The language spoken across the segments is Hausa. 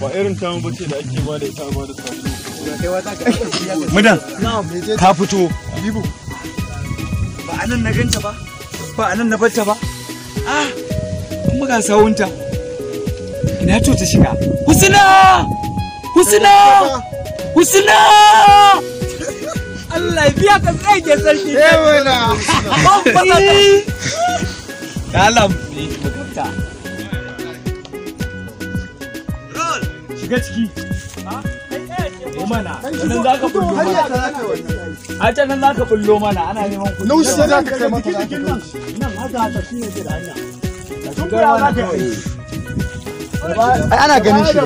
ba irin tamu bace da ake ba da ita ba da sabu mudan ka fito bibu ba anan na ganta ba ba anan na barta ba ah kuma ga sawunta ina to ta shiga husna husna husna Allah biya ka tsage sarki eh wala ba ba ka eh. Allah shiga ciki eh, mana nan za ka a can nan za bullo mana ana neman kuɗi nan shi za kai mata nan haka haka shi ne da hanya ka ana ganin shi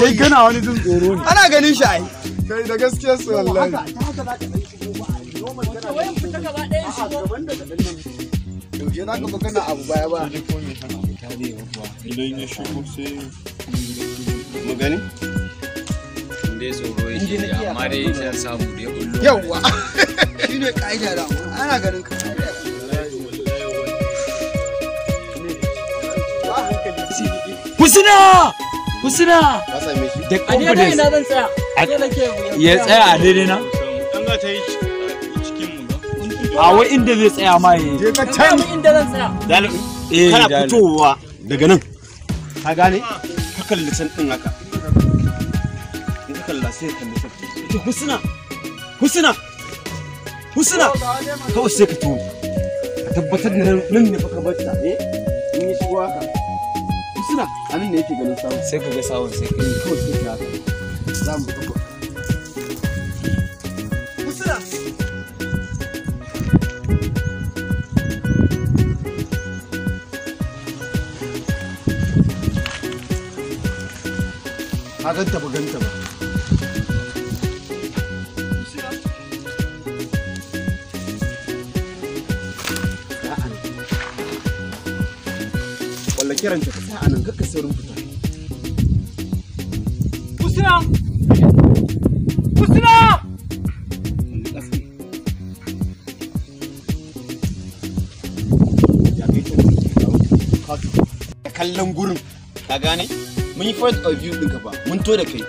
kai gana wani jin tsoro ne ana ganin shi ai kai da gaskiya su wallahi ta haka za ka shigo ba a yi gaban da yaushe za ka kana abu baya ba idan ya shigo sai tsoro ya amma ya samu da ya yawwa shi ne ka'ida da ana ganin ka Da confidence. ina zan tsaya. Ya tsaya a daidai na? An ga ta yi cikin mu. A wai inda zai tsaya ma yi. Je ka can. inda zan tsaya eh, kana fitowa daga nan ka gane ka kalli can din haka in ka kalla sai ka kalli husna husna husna ka tuwo ka tabbatar da nan ne fa ka eh in haka husna ne yake ganin sawun sai ka ga sawun sai ka yi kawai sai ka haka za mu tabbata ka ganta ba ganta ba walla kiran ta sa anan kakka saurin fita Husna ka kallon gurin ka gane mun yi point of view ɗinka ba mun to da kai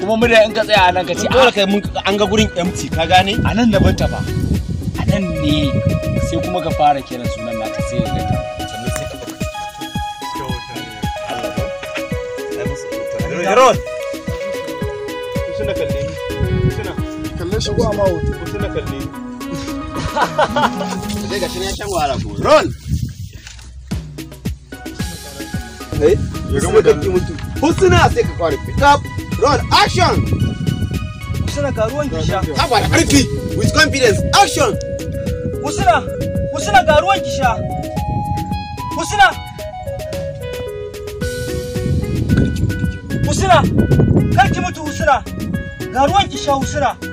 kuma mu da in ka tsaya a nan ka ce a kai mun an ga gurin empty ka gane a nan daban ta ba a nan ne sai kuma ka fara kiran sunan nata sai ka sai ka eh sai ka ki mutu sai ka kware pick up roll action husna ka ruwan kisha haba da karfi with confidence action husna husna ga ruwan kisha husna husna kar ki mutu husna ga ruwan kisha husna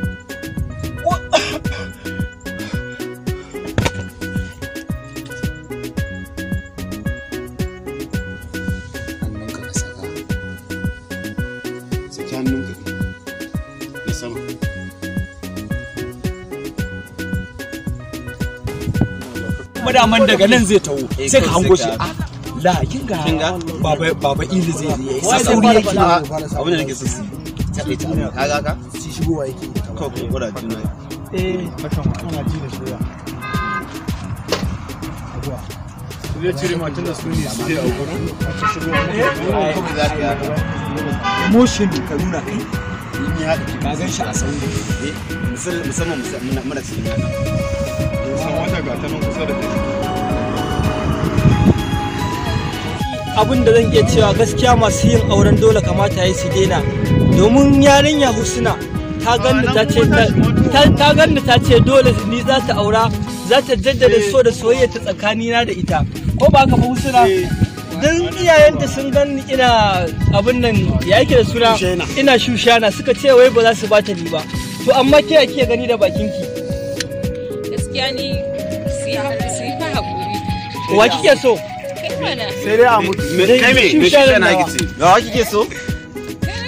madaman daga nan zai taho eh, sai ka hango shi ah, la kinga kinga baba baba ili zai yi sai sai abin da so sai ta kaga ka shi yake ko gura juna eh ana ji da zai cire matan da su ne su a gurin mu eh, shi ka nuna kai in ya ɗauki ka gan shi a sauri eh, musamman muna cikin yana. San wata ga ta kusa da ta abin da zan iya cewa gaskiya masu yin auren dole kamata ya su daina domin yarinya husna ta ganni ta ce ta ta ce dole ni za ta aura za ta jaddada eh. so da soyayya ta tsakanina da ita ko ba ka ba husna eh. don iyayenta sun gan ina abin nan ya yake da suna ina shushana suka ce wai ba za su bata ni ba to amma ke ake gani da bakin ki. gaskiya ni su yi hakuri wa kike so sai dai a mutu kai me shushana kike so wa kike so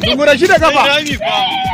Dungura shi da kafa.